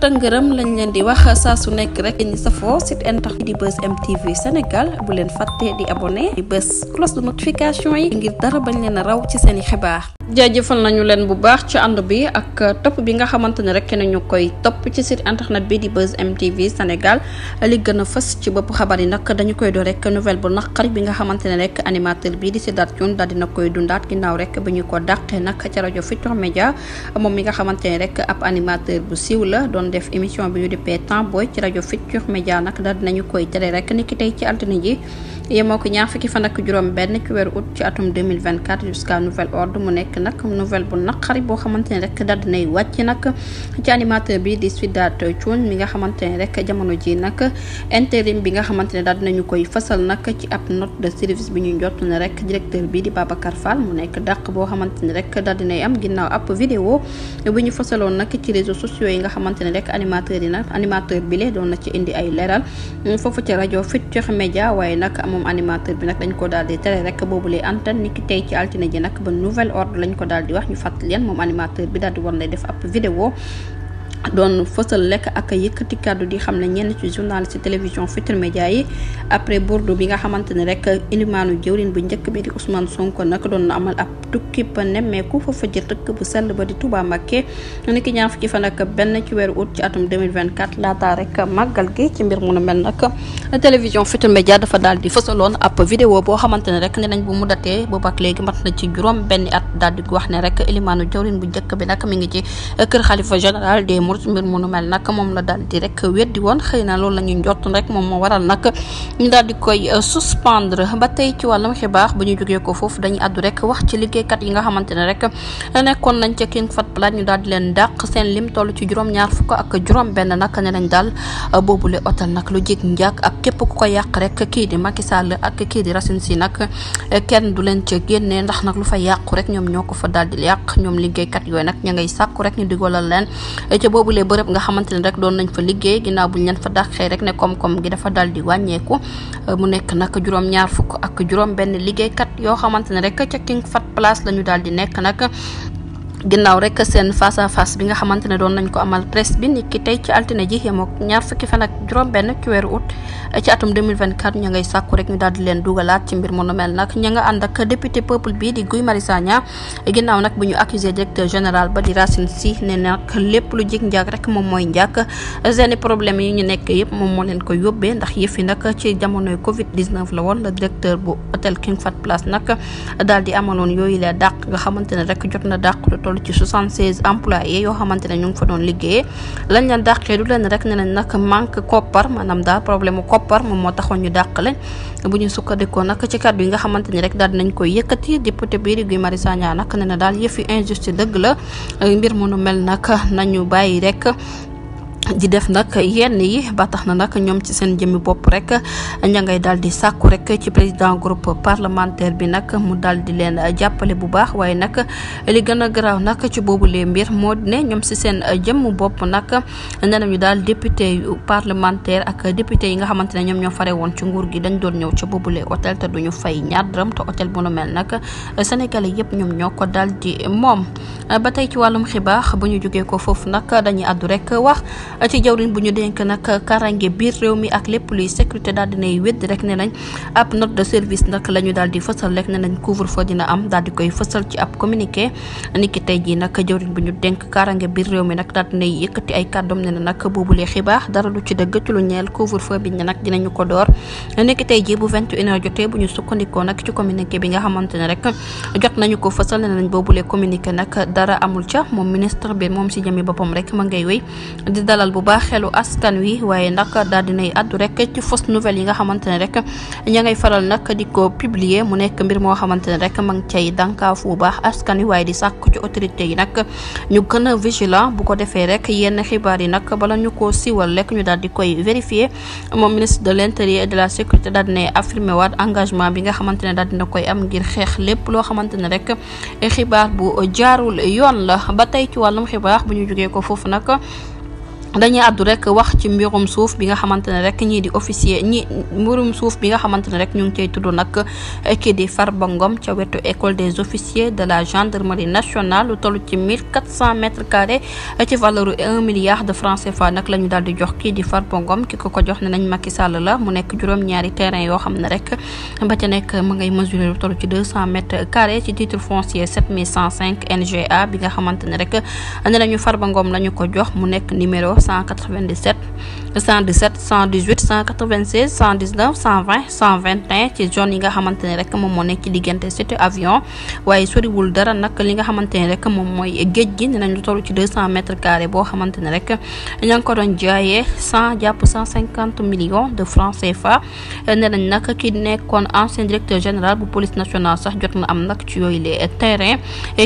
tëngërëm lañu leen di wax saa su nekk rek ñu safoo site internet di bës MTV Sénégal bu leen fàtte di abonne di bës cloche de notification yi ngir dara bañ leen a raw ci seen i xibaar. jaajëfal nañu leen bu baax ci ànd bi ak topp bi nga xamante ne rek nañu koy topp ci site internet bi di Buzz MTV Sénégal li gën a fës ci bopp xabar yi nag dañu koy doo rek nouvelle bu naqari bi nga xamante ne rek animateur bi di Sidath Thioune daal dina koy dundaat ginnaaw rek bi ñu ko dàqee nag ca rajo Futurs Médias moom mi nga xamante ne rek ab animateur bu siiw la doon def émission bi ñu dippee Temps Boy ci rajo Futurs Médias nag daal dinañu koy tere rek niki tey ci altine ji yemoo ko ñaar fukki fan ak juróom benn ci weeru août ci atum 2024 jusqu'à nouvel ordre mu nekk nag nouvelle bu naqari boo xamante ne rek daal dinay wàcc nag ci animateur bi mi nga xamante ne rek jamono ji nag intérim bi nga xamante ne daal dinañu koy fasal nag ci ab note de service bi ñuy jot ne rek directeur bi di Babacar Fall mu nekk dàq boo xamante ne rek daal dinay am ginnaaw ab vidéo bu ñu fasaloon nag ci réseaux sociaux yi nga xamante ne rek animateur yi nag animateur bi lee doon na ci indi ay leeral foofu ci rajo moom animateur bi nag dañ ko daal di tere rek boobulee antenne ni ki tey ci altine ji nag ba nouvelle ordre lañ ko daal di wax ñu fàttali leen moom animateur bi daal di war na def ab vidéo doon fësal lekk ak yëkkati kàddu di xam ne ñenn ci journaliste télévision Futurs Médias yi après bordeaux bi nga xamante ne rek ilimaanu jëwriñ bu njëkk bi di Ousmane Sonko nag doon na amal ab tukki ba nemmeeku fa fa jë dëkk bu sell ba di Touba Mbacké ni ki ñaar fukki fan ak benn ci weeru août ci atum 2024 laata rek màggal gi ci mbir mu nu mel nag télévision Futurs Médias dafa daal di fësaloon ab vidéo boo xamante ne rek nañ bu mu datee boobu ak léegi mat na ci juróom benn at daal wax ne rek ilimaanu bu njëkk bi nag mi ngi ci kër xalifa général des Mouride mbir mu mel nag moom la daal di rek weddi woon xëy na loolu la ñu njott rek moom moo waral nag ñu daal di koy euh, suspendre ba tey ci wàllum xibaax bu ñu jógee ko foofu dañuy àddu rek wax ci liggéeykat yi nga xamante ne rek nekkoon nañ ca King Fahd Palace ñu daal di leen dàq seen lim toll ci juróom-ñaar fukk ak juróom-benn nag ne nañ daal euh, boobule otel nag lu jég njàkk ak képp ku ko yàq rek kii di Macky Sall ak kii di Racine si nag euh, kenn du leen ca génne ndax nag lu fa yàqu rek ñoom ñoo ko fa daal di yàq ñoom liggéeykat yooyu nag ña ngay sàkku rek ñu digolal leen boobulee bërëb nga xamante ne rek doon nañ fa liggéey ginnaaw buñ leen fa dàqee rek ne koom-koom gi dafa dal di wàññeeku euh, mu nekk nag juróom-ñaar fukk ak juróom benn liggéeykat yoo xamante ne rek ca King Fahd Palace la daal di nekk nag ginnaaw rek seen face à bi nga xamante ne doon nañ ko amal presse bi nit ki tey ci altine ji yemook ñaar fukki fan ak juróom-benn ci weeru août ci atum 2024 ña ngay sàkku rek ñu daal di leen dugalaat ci mbir nga ànd ak député peuple bi di Guy Marius Sagna ginnaaw nag bu ñu accusé directeur général ba di Racine lépp lu jig rek moom mooy njàkk seeni problème yi ñu nekk yëpp moom moo leen ko yóbbee ndax yëf yi nag ci jamonoy Covid 19 la woon la directeur bu hôtel King Fahd Palace nag daal amaloon yooyu la dàq nga xamante ne rek jot na dàq toll ci 76 employés yoo xamante ne ñu fa doon liggéeyee lañ leen dàqee du leen rek ne leen nag manque koppar maanaam daal problème koppar moom moo taxoon ñu dàq leen bu ñu sukkandikoo nag ci kàddu yi nga xamante ni rek daal dinañ koy yëkkati député bii di Guy Marius Sagna nag ne na daal yëfi injustice dëgg la mbir mu mel nag nañu bàyyi rek di def nag yenn yi ba tax na nag ñoom ci seen jëmmi bopp rek ña ngay daal di sàkku rek ci président groupe parlementaire bi nag mu daal di leen jàppale bu baax waaye nag li gën a garaaw nag ci boobu mbir moo ne ñoom si seen jëmm bopp nag nee nañu daal député parlementaire ak député yi nga xamante ne ñoom ñoo fare woon ci nguur gi dañ doon ñëw ci boobu lee hôtel te duñu fay ñaar dërëm te hôtel bu nu mel nag sénégalais yëpp ñoom ñoo ko daal di moom ba tey ci wàllum xibaar bu ñu ko foofu nag dañuy àddu rek ci jawriñ bu ñu dénk nag karange biir réew mi ak lépp luy sécurité daal dinay wedd rek ne nañ ab note de service nag la ñu daal di fësal rek ne nañ couvre-feu dina am daal di koy fësal ci ab communiqué niki tey jii nag jawriñ bu ñu dénk karange biir réew mi nag daal dinay yëkkati ay kàddoom ne na nag boobulee xibaar dara lu ci dëgg ci lu ñeel couvre-feu bi ne nag dinañu ko door niki tey ji bu 21h jotee bu ñu sukkandikoo nag ci communiqué bi nga xamante ne rek jot nañu ko fësal ne nañ boobulee communiqué nag dara amul ca moom ministre bi moom si jëmi boppam rek ma ngay wéy di dalal dalal bu baax xelu askan wi waaye nag daal dinay addu rek ci fausse nouvelle yi nga xamante ne rek ña ngay faral nag di ko publier mu nekk mbir moo xamante ne rek ma ngi cay dànkaafu bu baax askan wi waaye di sàkk ci autorité yi nag ñu gën a vigilant bu ko defee rek yenn xibaar yi nag bala ñu ko siwal lekk ñu daal di koy vérifier moom ministre de l'intérieur de la sécurité daal dinay affirmer waat engagement bi nga xamante ne daal dina koy am ngir xeex lépp loo xamante ne rek xibaar bu jaarul yoon la ba tey ci wàllum xibaar bu ñu jógee ko foofu nag dañuy àddu rek wax ci mbirum suuf bi nga xamante ne rek ñii di officier ñi mbirum suuf bi nga xamante ne rek ñu ngi cay tudd nag kii di Farba Ngom ca wetu école des officiers de la gendarmerie nationale lu toll ci mille quatre cent mètres carrés ci valeur un milliard de francs CFA nag la ñu daal di jox kii di Farba Ngom ki ko ko jox ne nañ Macky Sall la mu nekk juróom-ñaari terrain yoo xam ne rek ba ca nekk ma ngay mesurer lu toll ci deux cent mètres carrés ci titre foncier sept mille cent cinq NGA bi nga xamante ne rek ne nañu Farba Ngom la ñu ko jox mu nekk numéro. 197 117 118 196 119 120 121 ci zone yi nga xamante ne rek moom moo nekk ci diggante Cité Avion waaye soriwul dara nag li nga xamante ne rek moom mooy géej gi dinañ lu toll ci 200 mètres carrés boo xamante ne rek ña ngi ko doon jaayee 100 jàpp 150 millions de francs CFA ne nañ nag ki nekkoon ancien directeur général bu police nationale sax jot na am nag ci yooyu les terrain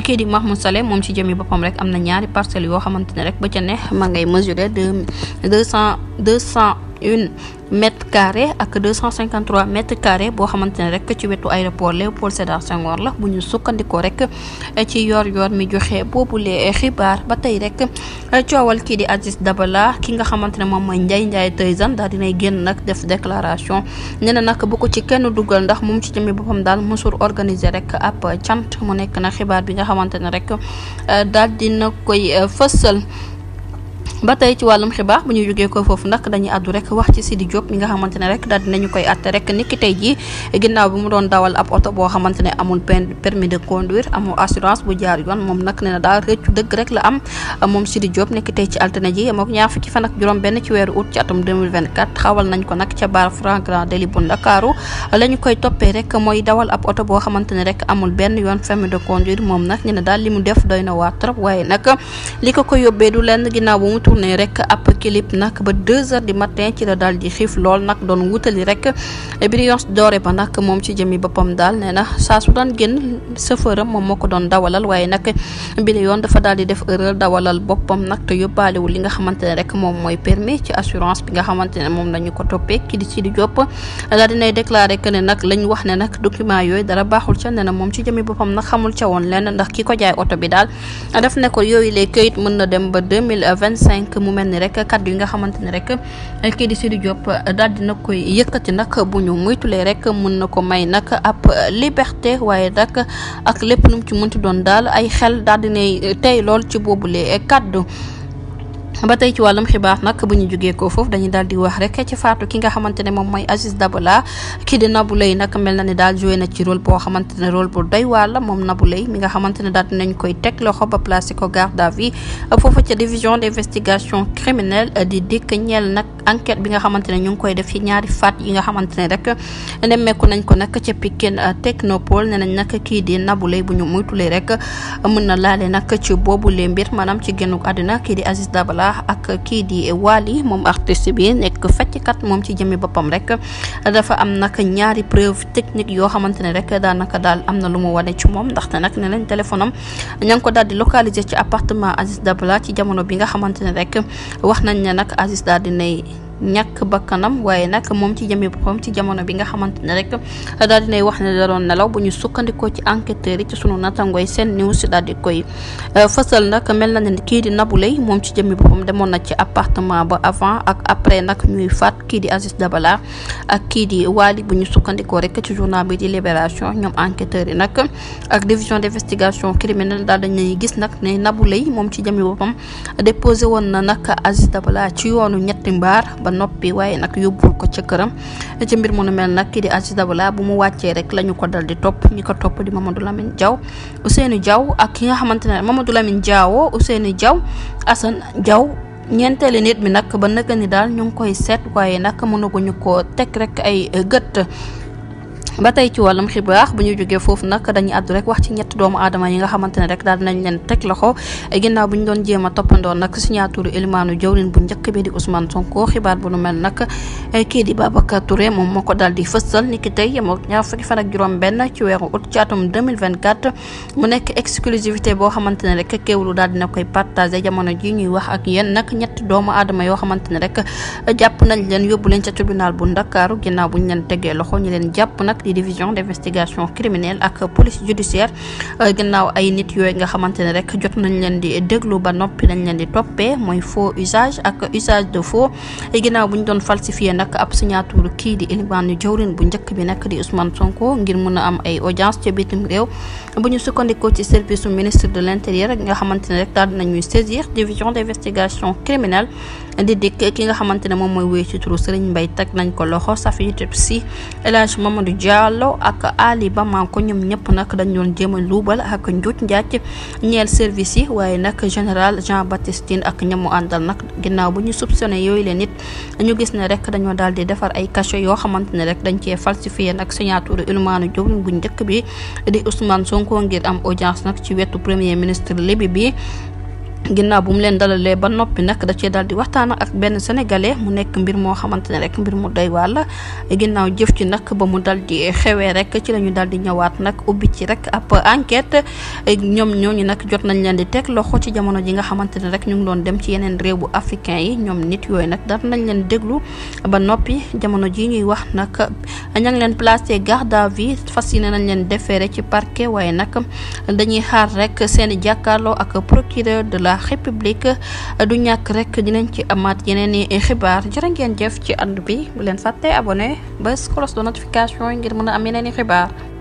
kii di Mahmoud Saleh moom ci jëmi boppam rek am na ñaari parcelles yoo xamante ne rek ba ca ne ma ngay mesurer de deux cent deux cent une mètre carré ak 253 mètre carré boo xamante ne rek ci wetu aéroport Léopold Sédar Senghor la bu ñu sukkandikoo rek eh, ci yoor yoor mi joxe boobulee eh, xibaar ba tey rek eh, coowal kii di Aziz Dabala ki nga xamante ne moom mooy Ndiaye Ndiaye Tyson daal dinay génn nag def déclaration nee na nag bu ko ci kenn dugal ndax moom ci jëmmi boppam daal mësul organiser rek ab cant mu nekk na xibaar bi nga xamante ne rek daal dina koy fësal ba tey ci wàllum xibaar bu ñu jógee ko foofu nag dañuy àddu rek wax ci Sidi Diop mi nga xamante rek daal dinañu koy àtte rek niki tey jii ginnaaw mu doon dawal ab oto boo xamante ne na daal rëccu dëgg rek la am moom Sidi Diop niki tey amul benn yoon permis de conduire moom nag nee daal li def doy na waa trop waaye nag li ko ko yóbbee lenn ginnaaw bu mu tourné rek ab clip nag ba deux heures du matin ci la daal di xiif lool nag doon wutali rek Brillance Doré ba nag moom ci jëmi boppam daal ko doon dawalal waaye nag bile yoon dafa daal di def erreur dawalal boppam nag te yóbbaalewul li nga xamante ne rek moom mooy permis ci assurance bi nga xamante ne moom lañu ko toppee ki di ci di jopp daal dinay ne nag lañ wax ne nag document yooyu dara baaxul ca ne na moom ci jëmi boppam nag xamul ca woon ndax ki ko oto bi daal daf ne ko yooyu les këyit mën na dem ba tënk mu mel ni rek kaddu yi nga xamante ne rek eh, kii di Sidy Diop eh, daal dina koy yëkkati nag bu ñu muytulee rek mën na ko may nag ab liberté waaye dakk ak lépp nu mu ci mënti doon daal ay xel daal dinay eh, tey lool ci boobu boobule kaddu. ba tey ci walum xibaar nak buñu joggé ko fofu dañuy daal di wax rek ci faatu ki nga xamantene mom moy Aziz Dabala ki de Nabulay nak melna ni dal joué na ci rôle bo xamantene rôle bu doy wala mom Nabulay mi nga xamantene dal nañ koy tek loxo ba placé ko garde à vue fofu ci division d'investigation criminelle di dik ñel nak enquête bi nga xamante ne ñu ngi koy def ci ñaari faat yi nga xamante ne rek nemmeeku nañ ko nag ca Pikine Technopole ne nañ nag kii di Nabou bu ñu muytulee rek mën na laale nag ci boobu le mbir maanaam ci génn àdduna kii di Aziz Dabala ak kii di Wally moom artiste bi nekk fecckat moom ci jëmmi boppam rek dafa am nag ñaari preuve technique yoo xamante ne rek daanaka daal am na lu mu wane ci moom ndaxte nag ne nañ téléphone am ko daal di localiser ci appartement Aziz Dabala ci jamono bi nga xamante ne rek wax nañ ne nag Aziz daal ñàkk bakkanam waaye nag moom ci jëmee boppam ci jamono bi nga xamante ne rek daal nay wax ne da nelaw bu ñu sukkandikoo ci enquêteurs yi ci sunu nattangooy seen news daal di koy euh, fësal nag mel na ne kii di nabu Leye moom ci jëmee boppam demoon na ci appartement ba avant ak après nag ñuy faat kii di Aziz Dabala ak kii di Wali bu ñu sukkandikoo rek ci journal bi di Libération ñoom enquêteurs yi nag ak division d'investigation criminelle daal dañuy gis nag ne Nabou Leye moom ci jëmee boppam déposé woon na nag Aziz Dabala ci yoonu ñetti mbaar ba noppi waaye nag yóbbul ko ca këram ci mbir mu nu mel nag ki di Aziz Dabala bu mu wàccee rek la ñu ko dal di topp ñi ko topp di Mamadou Lamine u seeni Diaw ak ki nga xamante ne Mamadou Lamine Diawo Ousseynou Diaw Assane Diaw ñeenteeli nit mi nag ba nëga ni daal ñu ngi koy seet waaye nag mënaguñu ko teg rek ay gët ba tey ci wàllum xibaar bu ñu jógee foofu nag dañuy àddu rek wax ci ñett doomu aadama yi nga xamante ne rek daal dinañ leen teg loxo bu ñu doon jéem a toppandoo nag signature élimaanu jawrin bu njëkk bi di Ousmane Sonko xibaar bu nu mel nag eh, kii di Babacar Touré moom moo ko daal di fësal ni tey yemoo ñaar fukki ak juróom benn ci weeru août ci atum 2024 mu nekk exclusivité boo xamante ne rek kéwlu daal dina koy partagé jamono ji ñuy wax ak yéen nag ñett doomu aadama yoo xamante ne rek jàpp nañ leen yóbbu leen ca tribunal bu Ndakaaru ginnaaw bu ñu leen tegee loxo ñu leen jàpp nag di division d'investigation criminelle ak police judiciaire euh, gannaaw ay nit yooyu nga xamantene rek jot nañ len di déglu ba nopi nañ len di topé moy faux usage ak usage de faux ginnaaw buñ doon falsifier nak ab signature ki di ilibaanu jawrin bu njëkk bi nak di Ousmane Sonko ngir mëna am ay audience ci bitim rew bu ñu sukkandikoo ci service ministre de l'Intérieur, nga xamantene rek daal dinañuy saisir division d'investigation investigation criminelle di dik ki nga xamantene mom moy mooy wéy ci turu Serigne Mbaye tak nañ ko loxo safi tepsi elage Mamadou Dia Diallo ak Ali Bamanko ñoom ñëpp nag dañ doon jéem a luubal ak njuuj njaaj ñeel service yi waaye nag général Jean Baptiste ak ñamu àndal nag ginnaaw bu ñu soupçonné yooyu leen nit ñu gis ne rek dañoo daal di defar ay cachet yoo xamante ne rek dañ cee falsifié nag signature Elimane Diop bu njëkk bi di Ousmane Sonko ngir am audience nag ci wetu premier ministre Libi bi ginnaw bu mu leen dalale ba noppi nak da ci daldi waxtaan ak ben sénégalais mu nek mbir mo xamantene rek mbir mu doy wal ginnaw jëf ci nak ba mu daldi di rek ci lañu daldi ñëwaat nak ubbi ci rek ap enquête ñom ñoñu nak jot nañ leen di tek loxo ci jamono ji nga xamantene rek ñu ngi doon dem ci yenen réew bu africain yi ñom nit yoy nak dar nañ leen déglu ba noppi jamono ji ñuy wax nak ña ngi leen placer garde à vue fas nañ leen déféré ci parquet waaye nak dañuy xaar rek seen jakarlo ak procureur de la la république du ñàkk rek dinañ ci amaat yeneen i xibaar jërë ngeen jëf ci ànd bi bu leen fàtte abonné ba cloche de notification yi ngir mën a am yeneen i xibaar